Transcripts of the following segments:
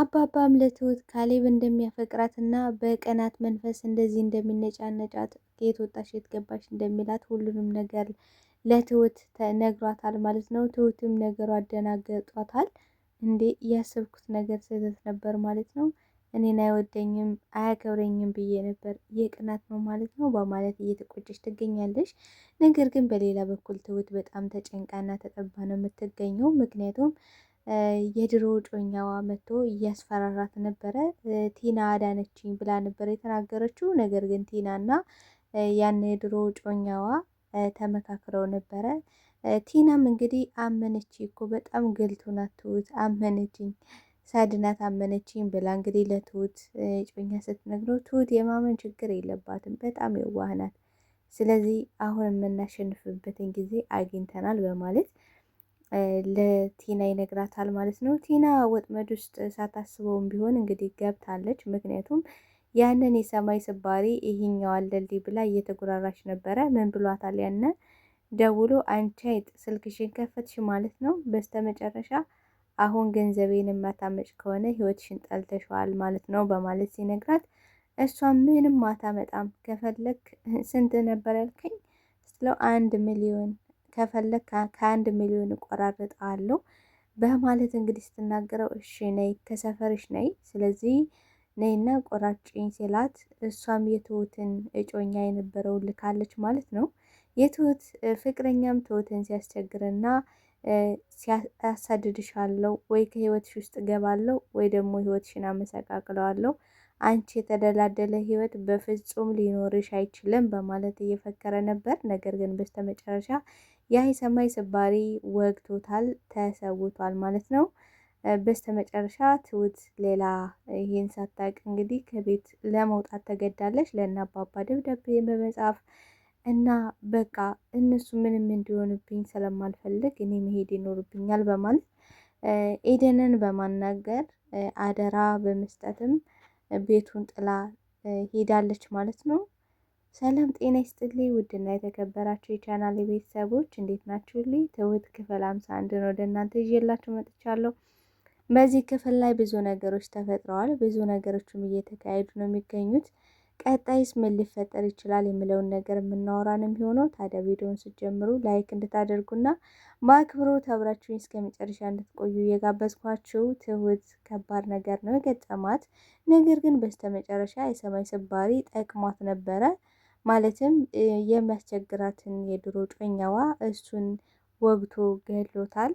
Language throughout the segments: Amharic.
አባባም ለትሁት ካሌብ እንደሚያፈቅራት እና በቀናት መንፈስ እንደዚህ እንደሚነጫነጫት ከየት ወጣሽ የት ገባሽ እንደሚላት ሁሉንም ነገር ለትሁት ነግሯታል ማለት ነው። ትሁትም ነገሩ አደናገጧታል። እንዴ ያሰብኩት ነገር ስህተት ነበር ማለት ነው። እኔን አይወደኝም አያከብረኝም ብዬ ነበር፣ የቅናት ነው ማለት ነው በማለት እየተቆጨች ትገኛለች። ነገር ግን በሌላ በኩል ትሁት በጣም ተጨንቃና ተጠባ ነው የምትገኘው ምክንያቱም የድሮ ጮኛዋ መጥቶ እያስፈራራት ነበረ። ቲና አዳነችኝ ብላ ነበረ የተናገረችው። ነገር ግን ቲናና ያን የድሮ ጮኛዋ ተመካክረው ነበረ። ቲናም እንግዲህ አመነች እኮ በጣም ገልቶና ትሁት አመነችኝ ሳድናት አመነችኝ ብላ እንግዲህ ለትሁት ጮኛ ስትነግረው ትሁት የማመን ችግር የለባትም በጣም የዋህናት። ስለዚህ አሁን የምናሸንፍበትን ጊዜ አግኝተናል በማለት ለቲና ይነግራታል ማለት ነው። ቲና ወጥመድ ውስጥ ሳታስበውም ቢሆን እንግዲህ ገብታለች። ምክንያቱም ያንን የሰማይ ስባሪ ይሄኛው አለል ብላ እየተጎራራች ነበረ። ምን ብሏታል? ያነ ደውሎ አንቺ አይጥ ስልክሽን ከፈትሽ ማለት ነው። በስተመጨረሻ አሁን ገንዘቤን የማታመጭ ከሆነ ህይወትሽን ጠልተሸዋል ማለት ነው በማለት ሲነግራት እሷ ምንም አታመጣም ከፈለግ ስንት ነበር ያልከኝ ስለው አንድ ሚሊዮን ከፈለግ ከአንድ ሚሊዮን እቆራርጠዋለሁ በማለት እንግዲህ ስትናገረው እሺ ነይ ከሰፈርሽ ነይ፣ ስለዚህ ነይና ቆራጭኝ ሲላት እሷም የትሁትን እጮኛ የነበረው ልካለች ማለት ነው። የትሁት ፍቅረኛም ትሁትን ሲያስቸግርና ሲያሳድድሻለው ወይ ከህይወትሽ ውስጥ እገባለው ወይ ደግሞ ህይወትሽን አመሰቃቅለዋለው። አንቺ የተደላደለ ህይወት በፍጹም ሊኖርሽ አይችልም በማለት እየፈከረ ነበር። ነገር ግን በስተመጨረሻ ያ ሰማይ ስባሪ ወግቶታል፣ ተሰውቷል ማለት ነው። በስተመጨረሻ ትሁት ሌላ ይህን ሳታቅ እንግዲህ ከቤት ለመውጣት ተገዳለች። ለእነ አባባ ደብዳቤ በመጻፍ እና በቃ እነሱ ምንም እንዲሆንብኝ ስለማልፈልግ እኔ መሄድ ይኖርብኛል በማለት ኤደንን በማናገር አደራ በመስጠትም ቤቱን ጥላ ሄዳለች ማለት ነው። ሰላም ጤና ይስጥልኝ ውድና የተከበራችሁ የቻናል ቤተሰቦች እንዴት ናችሁልኝ? ትሁት ክፍል አምሳ አንድ ነው ወደ እናንተ ይዤላችሁ መጥቻለሁ። በዚህ ክፍል ላይ ብዙ ነገሮች ተፈጥረዋል። ብዙ ነገሮችም እየተካሄዱ ነው የሚገኙት ቀጣይስ ምን ሊፈጠር ይችላል የሚለውን ነገር የምናወራንም የሆነው ታዲያ ቪዲዮውን ስጀምሩ ላይክ እንድታደርጉና ማክብሮ ተብራችሁኝ እስከ መጨረሻ እንድትቆዩ እየጋበዝኳችሁ። ትሁት ከባድ ነገር ነው የገጠማት። ነገር ግን በስተመጨረሻ የሰማይ ስባሪ ጠቅሟት ነበረ። ማለትም የሚያስቸግራትን የድሮ ጮኛዋ እሱን ወግቶ ገሎታል።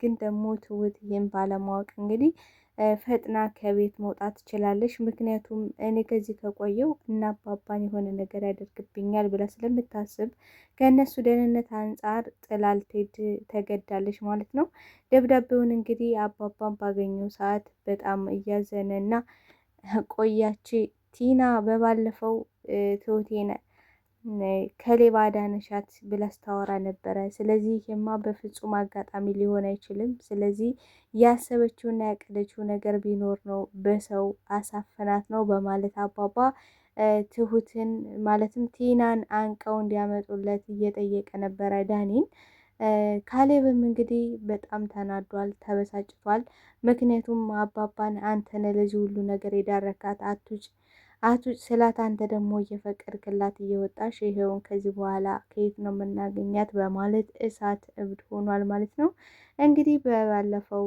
ግን ደግሞ ትሁት ይህን ባለማወቅ እንግዲህ ፈጥና ከቤት መውጣት ትችላለች። ምክንያቱም እኔ ከዚህ ከቆየው እና አባባን የሆነ ነገር ያደርግብኛል ብላ ስለምታስብ ከእነሱ ደህንነት አንጻር ጥላል ተገዳለች ማለት ነው። ደብዳቤውን እንግዲህ አባባን ባገኘው ሰዓት በጣም እያዘነ እና ቆያች ቲና በባለፈው ትሁቴን ከሌባ አዳነሻት ብላ ስታወራ ነበረ። ስለዚህ ይሄማ በፍጹም አጋጣሚ ሊሆን አይችልም። ስለዚህ ያሰበችውና ያቀደችው ነገር ቢኖር ነው በሰው አሳፈናት ነው በማለት አባባ ትሁትን ማለትም ቲናን አንቀው እንዲያመጡለት እየጠየቀ ነበረ ዳኒን። ካሌብም እንግዲህ በጣም ተናዷል፣ ተበሳጭቷል። ምክንያቱም አባባን አንተነ ለዚህ ሁሉ ነገር የዳረካት አቱጭ አቶ ስላት አንተ ደግሞ እየፈቀድክላት እየወጣሽ ይሄውን ከዚህ በኋላ ከየት ነው የምናገኛት በማለት እሳት እብድ ሆኗል ማለት ነው። እንግዲህ በባለፈው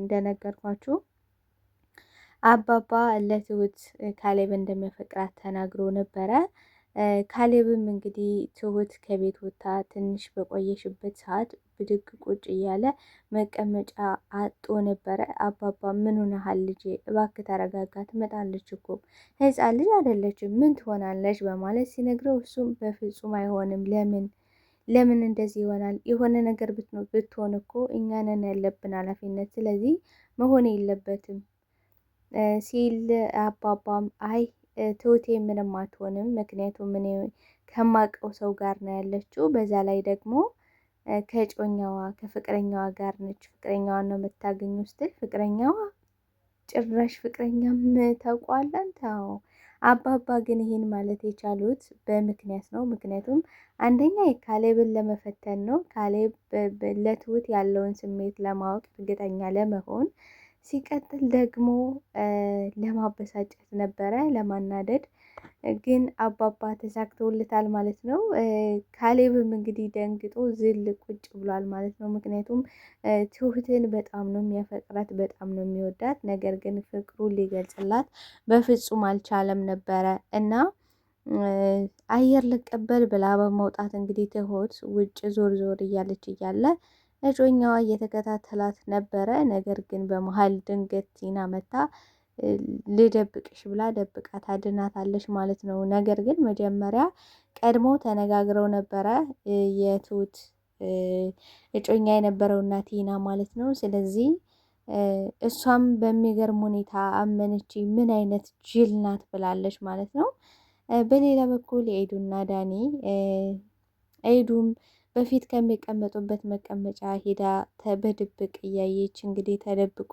እንደነገርኳችሁ አባባ ለትሁት ካሌብ እንደሚያፈቅራት ተናግሮ ነበረ። ካሌብም እንግዲህ ትሁት ከቤት ወጥታ ትንሽ በቆየሽበት ሰዓት ብድግ ቁጭ እያለ መቀመጫ አጦ ነበረ። አባባ ምን ሆነሃል ልጄ? እባክህ ተረጋጋ፣ ትመጣለች እኮ ህፃን ልጅ አይደለችም፣ ምን ትሆናለች? በማለት ሲነግረው እሱም በፍጹም አይሆንም፣ ለምን ለምን እንደዚህ ይሆናል? የሆነ ነገር ብትሆን እኮ እኛ ነን ያለብን ኃላፊነት፣ ስለዚህ መሆን የለበትም ሲል አባባም አይ ትውቴ ምንም አትሆንም፣ ምክንያቱም እኔ ከማውቀው ሰው ጋር ነው ያለችው። በዛ ላይ ደግሞ ከጮኛዋ ከፍቅረኛዋ ጋር ነች። ፍቅረኛዋን ነው የምታገኙ ስትል ፍቅረኛዋ ጭራሽ ፍቅረኛም ታውቋለን። ታው አባባ ግን ይህን ማለት የቻሉት በምክንያት ነው። ምክንያቱም አንደኛ ካሌብን ለመፈተን ነው። ካሌብ ለትሁት ያለውን ስሜት ለማወቅ እርግጠኛ ለመሆን ሲቀጥል ደግሞ ለማበሳጨት ነበረ ለማናደድ ግን አባባ ተሳክቶልታል ማለት ነው። ካሌብም እንግዲህ ደንግጦ ዝል ቁጭ ብሏል ማለት ነው። ምክንያቱም ትሁትን በጣም ነው የሚያፈቅራት፣ በጣም ነው የሚወዳት። ነገር ግን ፍቅሩ ሊገልጽላት በፍጹም አልቻለም ነበረ እና አየር ልቀበል ብላ በመውጣት እንግዲህ ትሁት ውጭ ዞር ዞር እያለች እያለ እጮኛዋ እየተከታተላት ነበረ። ነገር ግን በመሀል ድንገት ቲና መታ ልደብቅሽ ብላ ደብቃት አድናታለች ማለት ነው። ነገር ግን መጀመሪያ ቀድሞ ተነጋግረው ነበረ የትሁት እጮኛ የነበረውና ቲና ማለት ነው። ስለዚህ እሷም በሚገርም ሁኔታ አመነች። ምን አይነት ጅል ናት ብላለች ማለት ነው። በሌላ በኩል ኤዱና ዳኒ ኤዱም በፊት ከሚቀመጡበት መቀመጫ ሄዳ በድብቅ እያየች እንግዲህ ተደብቆ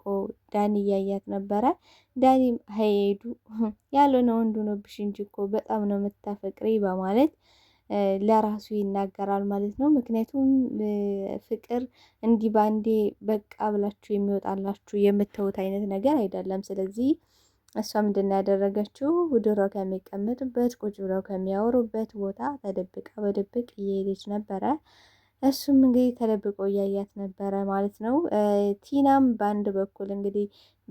ዳኒ እያያት ነበረ። ዳኒም ሀይሄዱ ያልሆነ ወንድ ሆኖብሽ እንጂ እኮ በጣም ነው የምታፈቅሪ በማለት ለራሱ ይናገራል ማለት ነው። ምክንያቱም ፍቅር እንዲህ ባንዴ በቃ ብላችሁ የሚወጣላችሁ የምትውት አይነት ነገር አይደለም። ስለዚህ እሷ ምንድን ነው ያደረገችው? ድሮ ከሚቀመጡበት ቁጭ ብለው ከሚያወሩበት ቦታ ተደብቃ በድብቅ እየሄደች ነበረ። እሱም እንግዲህ ተደብቆ እያያት ነበረ ማለት ነው። ቲናም በአንድ በኩል እንግዲህ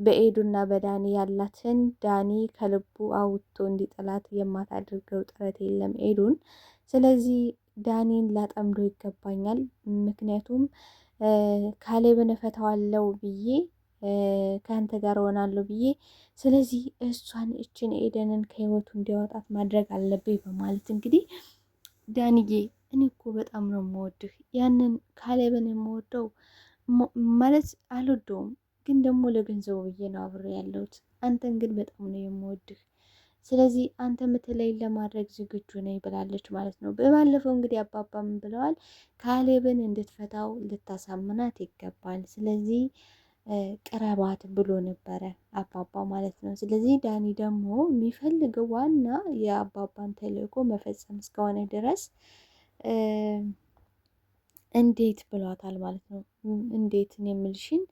በኤዱና በዳኒ ያላትን ዳኒ ከልቡ አውጥቶ እንዲጥላት የማታደርገው ጥረት የለም ኤዱን። ስለዚህ ዳኒን ላጠምዶ ይገባኛል፣ ምክንያቱም ካሌብን እፈታዋለው ብዬ ከአንተ ጋር እሆናለሁ ብዬ ስለዚህ እሷን እችን ኤደንን ከህይወቱ እንዲያወጣት ማድረግ አለብኝ በማለት እንግዲህ ዳንዬ እኔ እኮ በጣም ነው የምወድህ ያንን ካሌብን የምወደው ማለት አልወደውም፣ ግን ደግሞ ለገንዘቡ ብዬ ነው አብሬ ያለሁት። አንተን ግን በጣም ነው የምወድህ። ስለዚህ አንተ ምትለይ ለማድረግ ዝግጁ ነኝ ብላለች ማለት ነው። በባለፈው እንግዲህ አባባም ብለዋል ካሌብን እንድትፈታው ልታሳምናት ይገባል። ስለዚህ ቅረባት ብሎ ነበረ አባባ ማለት ነው። ስለዚህ ዳኒ ደግሞ የሚፈልገው ዋና የአባባን ተልእኮ መፈጸም እስከሆነ ድረስ እንዴት ብሏታል ማለት ነው። እንዴት እኔ የምልሽን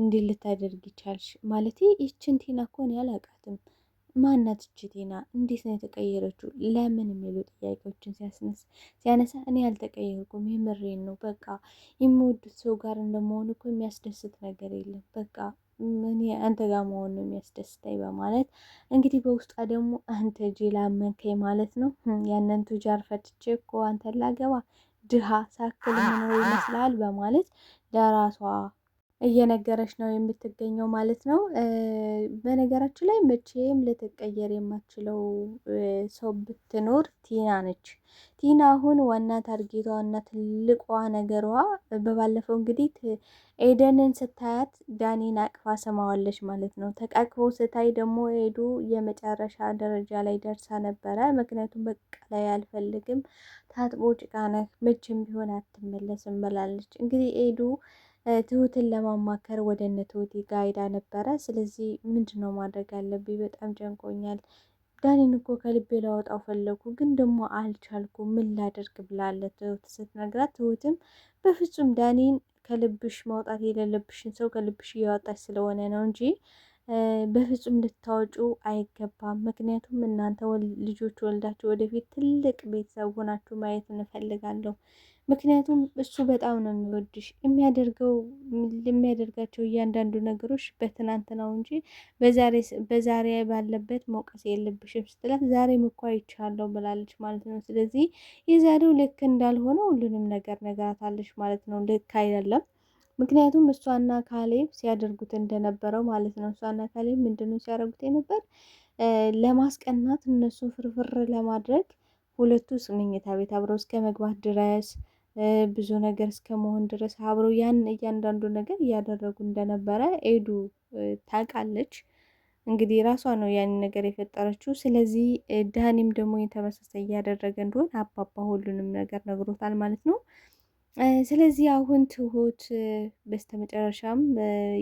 እንዴት ልታደርግ ይቻልሽ? ማለት ይችን ቲና እኮ እኔ አላውቃትም ማናት እች ቴና? እንዴት ነው የተቀየረችው? ለምን የሚሉ ጥያቄዎችን ሲያነሳ እኔ አልተቀየርኩም፣ የምሬን ነው። በቃ የሚወዱት ሰው ጋር እንደመሆኑ እኮ የሚያስደስት ነገር የለም። በቃ እኔ አንተ ጋር መሆን ነው የሚያስደስተኝ በማለት እንግዲህ በውስጧ ደግሞ አንተ ጅል አመንከኝ ማለት ነው። ያንን ቱጃር ፈትቼ እኮ አንተን ላገባ ድሃ ሳክል መኖር ይመስላል በማለት ለራሷ እየነገረች ነው የምትገኘው ማለት ነው። በነገራችን ላይ መቼም ልትቀየር የማትችለው ሰው ብትኖር ቲና ነች። ቲና አሁን ዋና ታርጌቷ እና ትልቋ ነገሯ በባለፈው እንግዲህ ኤደንን ስታያት ዳኒን አቅፋ ስማዋለች ማለት ነው። ተቃቅፎ ስታይ ደግሞ ሄዱ የመጨረሻ ደረጃ ላይ ደርሳ ነበረ። ምክንያቱም በቃ ላይ አልፈልግም ታጥቦ ጭቃ ነህ መቼም ቢሆን አትመለስም ብላለች። እንግዲህ ኤዱ ትሁትን ለማማከር ወደ እነ ትሁቴ ጋ ሄዳ ነበረ። ስለዚህ ምንድን ነው ማድረግ ያለብኝ? በጣም ጨንቆኛል። ዳኒን እኮ ከልቤ ላወጣው ፈለግኩ፣ ግን ደግሞ አልቻልኩ። ምን ላደርግ ብላለ ትሁት ስትነግራት፣ ትሁትም በፍጹም ዳኒን ከልብሽ ማውጣት የሌለብሽን ሰው ከልብሽ እያወጣች ስለሆነ ነው እንጂ በፍጹም ልታወጩ አይገባም። ምክንያቱም እናንተ ልጆች ወልዳችሁ ወደፊት ትልቅ ቤተሰብ ሆናችሁ ማየት እንፈልጋለሁ። ምክንያቱም እሱ በጣም ነው የሚወድሽ። የሚያደርገው የሚያደርጋቸው እያንዳንዱ ነገሮች በትናንት ነው እንጂ በዛሬ ባለበት መውቀስ የለብሽም ስትላት ዛሬም እኮ አይቻለሁ ብላለች ማለት ነው። ስለዚህ የዛሬው ልክ እንዳልሆነ ሁሉንም ነገር ነገራታለች ማለት ነው። ልክ አይደለም። ምክንያቱም እሷና ካሌብ ሲያደርጉት እንደነበረው ማለት ነው። እሷና ካሌብ ምንድነው ሲያደርጉት የነበር ለማስቀናት እነሱ ፍርፍር ለማድረግ ሁለቱ ስምኝታ ቤት አብረው እስከ መግባት ድረስ ብዙ ነገር እስከ መሆን ድረስ አብረው ያን እያንዳንዱ ነገር እያደረጉ እንደነበረ ኤዱ ታውቃለች። እንግዲህ ራሷ ነው ያን ነገር የፈጠረችው። ስለዚህ ዳኒም ደግሞ የተመሳሳይ እያደረገ እንደሆን አባባ ሁሉንም ነገር ነግሮታል ማለት ነው። ስለዚህ አሁን ትሁት በስተመጨረሻም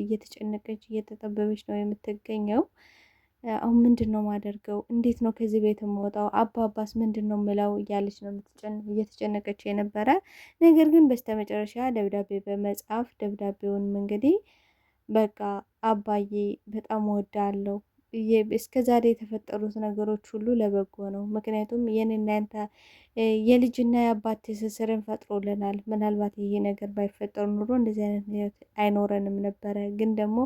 እየተጨነቀች እየተጠበበች ነው የምትገኘው። አሁን ምንድን ነው ማደርገው? እንዴት ነው ከዚህ ቤት የምወጣው? አባባስ ምንድን ነው ምለው? እያለች ነው እየተጨነቀች የነበረ። ነገር ግን በስተመጨረሻ ደብዳቤ በመጻፍ ደብዳቤውንም እንግዲህ በቃ አባዬ በጣም ወዳለው እስከ ዛሬ የተፈጠሩት ነገሮች ሁሉ ለበጎ ነው። ምክንያቱም ይህን እናንተ የልጅና የአባት ትስስርን ፈጥሮልናል። ምናልባት ይሄ ነገር ባይፈጠር ኑሮ እንደዚህ አይነት ህይወት አይኖረንም ነበረ። ግን ደግሞ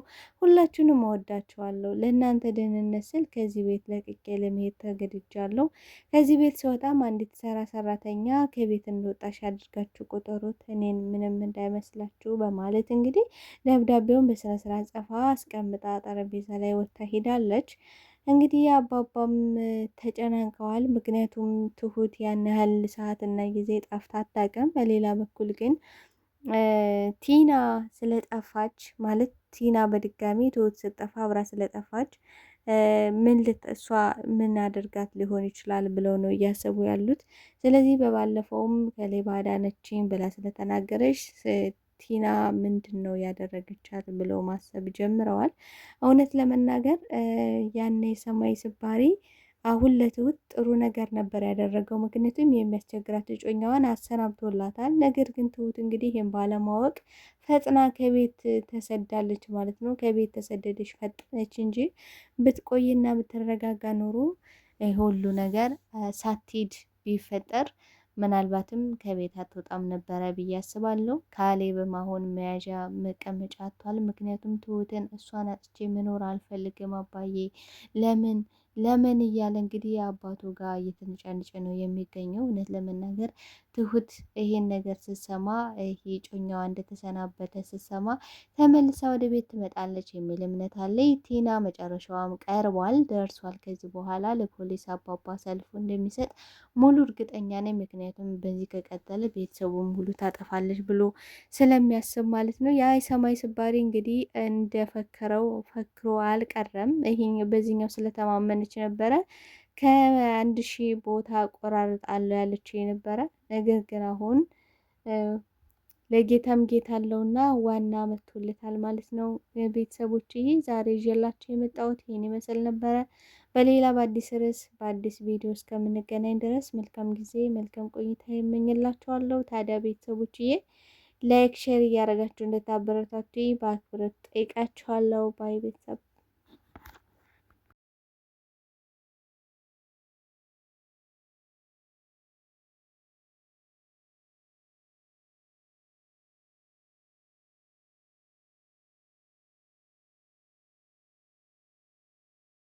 ሁላችሁንም እወዳችኋለሁ። ለእናንተ ደህንነት ስል ከዚህ ቤት ለቅቄ ለመሄድ ተገድጃለሁ። ከዚህ ቤት ሲወጣም አንዲት ሰራ ሰራተኛ ከቤት እንደወጣሽ አድርጋችሁ ቆጠሩት፣ እኔን ምንም እንዳይመስላችሁ በማለት እንግዲህ ደብዳቤውን በስነስርዓት ጽፋ አስቀምጣ ጠረጴዛ ላይ ወጥታ ሄዳለች። እንግዲህ አባባም ተጨናንቀዋል። ምክንያቱም ትሁት ያን ያህል ሰዓትና ጊዜ ጠፍታ አታውቅም። በሌላ በኩል ግን ቲና ስለጠፋች ማለት ቲና በድጋሚ ትሁት ስጠፋ አብራ ስለጠፋች ምን እሷ ምን አድርጋት ሊሆን ይችላል ብለው ነው እያሰቡ ያሉት። ስለዚህ በባለፈውም ከሌባ አዳነችኝ ብላ ስለተናገረች ቲና ምንድን ነው ያደረገቻት ብለው ማሰብ ጀምረዋል። እውነት ለመናገር ያን የሰማይ ስባሪ አሁን ለትሁት ጥሩ ነገር ነበር ያደረገው። ምክንያቱም የሚያስቸግራት እጮኛዋን አሰናብቶላታል። ነገር ግን ትሁት እንግዲህ ይህም ባለማወቅ ፈጥና ከቤት ተሰዳለች ማለት ነው። ከቤት ተሰደደች ፈጥነች እንጂ ብትቆይና ብትረጋጋ ኖሮ ሁሉ ነገር ሳትሄድ ቢፈጠር ምናልባትም ከቤት አትወጣም ነበረ ብዬ አስባለሁ። ካሌብም አሁን መያዣ መቀመጫ አቷል። ምክንያቱም ትሁትን እሷን አጥቼ መኖር አልፈልግም አባዬ ለምን ለምን እያለ እንግዲህ የአባቱ ጋር እየተንጫንጨ ነው የሚገኘው። እውነት ለመናገር ትሁት ይሄን ነገር ስትሰማ ይሄ ጮኛዋ እንደተሰናበተ ስትሰማ ተመልሳ ወደ ቤት ትመጣለች የሚል እምነት አለኝ። ቲና መጨረሻዋም ቀርቧል፣ ደርሷል። ከዚህ በኋላ ለፖሊስ አባባ ሰልፉ እንደሚሰጥ ሙሉ እርግጠኛ ነኝ። ምክንያቱም በዚህ ከቀጠለ ቤተሰቡን ሙሉ ታጠፋለች ብሎ ስለሚያስብ ማለት ነው። ያ የሰማይ ስባሪ እንግዲህ እንደፈከረው ፈክሮ አልቀረም። ይሄ በዚህኛው ስለተማመን እያለች ነበረ። ከአንድ ሺህ ቦታ ቆራርጣለሁ ያለች የነበረ ነገር ግን አሁን ለጌታም ጌታ አለውና ዋና መጥቶለታል ማለት ነው። ቤተሰቦች ይሄ ዛሬ ይዤላችሁ የመጣሁት ይህን ይመስል ነበረ። በሌላ በአዲስ ርዕስ በአዲስ ቪዲዮ እስከምንገናኝ ድረስ መልካም ጊዜ መልካም ቆይታ የመኝላችኋለሁ። ታዲያ ቤተሰቦች ይሄ ላይክ፣ ሼር እያደረጋችሁ እንደታበረታችሁ በአክብሮት ጠይቃችኋለሁ። ባይ ቤተሰብ